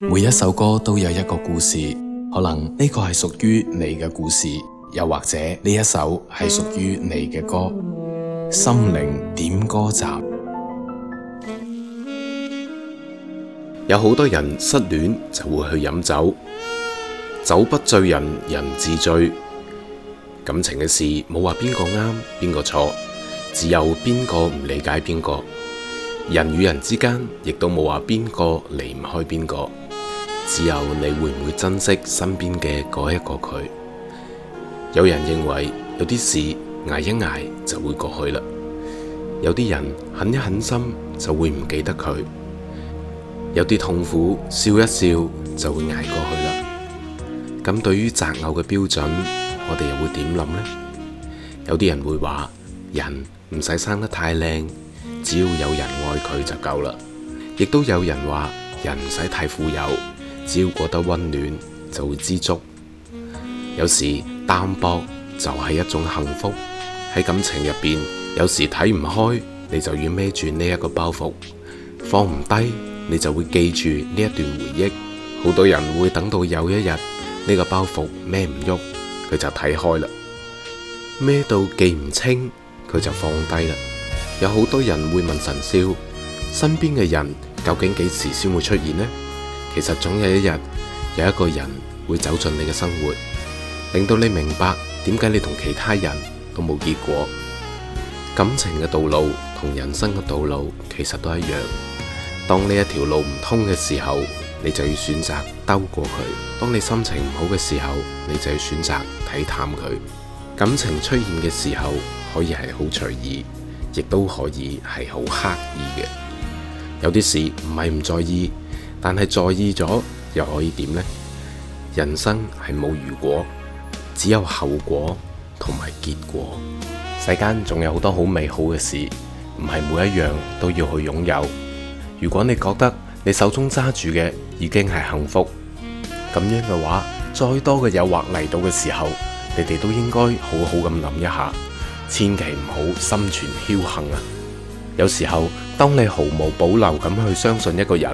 每一首歌都有一個故事，可能呢個係屬於你嘅故事，又或者呢一首係屬於你嘅歌。心靈點歌站，有好多人失戀就會去飲酒，酒不醉人人自醉。感情嘅事冇話邊個啱邊個錯，只有邊個唔理解邊個。人與人之間亦都冇話邊個離唔開邊個。只有你會唔會珍惜身邊嘅嗰一個佢？有人認為有啲事挨一挨就會過去啦，有啲人狠一狠心就會唔記得佢，有啲痛苦笑一笑就會挨過去啦。咁對於擇偶嘅標準，我哋又會點諗呢？有啲人會話人唔使生得太靚，只要有人愛佢就夠啦。亦都有人話人唔使太富有。只要覺得温暖，就會知足。有時單薄就係一種幸福。喺感情入邊，有時睇唔開，你就要孭住呢一個包袱，放唔低，你就會記住呢一段回憶。好多人會等到有一日呢，這個包袱孭唔喐，佢就睇開啦。孭到記唔清，佢就放低啦。有好多人會問臣少，身邊嘅人究竟幾時先會出現呢？其實總有一日，有一個人會走進你嘅生活，令到你明白點解你同其他人都冇結果。感情嘅道路同人生嘅道路其實都一樣。當呢一條路唔通嘅時候，你就要選擇兜過去；當你心情唔好嘅時候，你就要選擇睇淡佢。感情出現嘅時候，可以係好隨意，亦都可以係好刻意嘅。有啲事唔係唔在意。但係在意咗又可以點呢？人生係冇如果，只有後果同埋結果。世間仲有好多好美好嘅事，唔係每一樣都要去擁有。如果你覺得你手中揸住嘅已經係幸福咁樣嘅話，再多嘅誘惑嚟到嘅時候，你哋都應該好好咁諗一下，千祈唔好心存僥倖啊！有時候，當你毫無保留咁去相信一個人。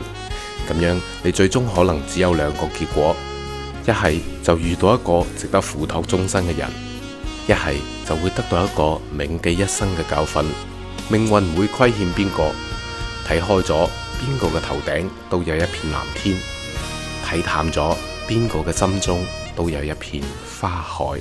咁樣，你最終可能只有兩個結果：一係就遇到一個值得付託終身嘅人；一係就會得到一個銘記一生嘅教訓。命運唔會虧欠邊個，睇開咗，邊個嘅頭頂都有一片藍天；睇淡咗，邊個嘅心中都有一片花海。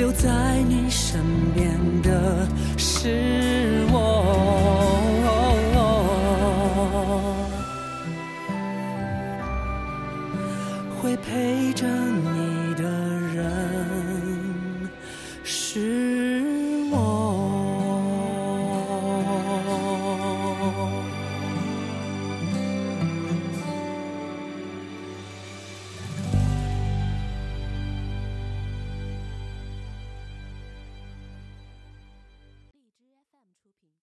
留在你身邊的是我。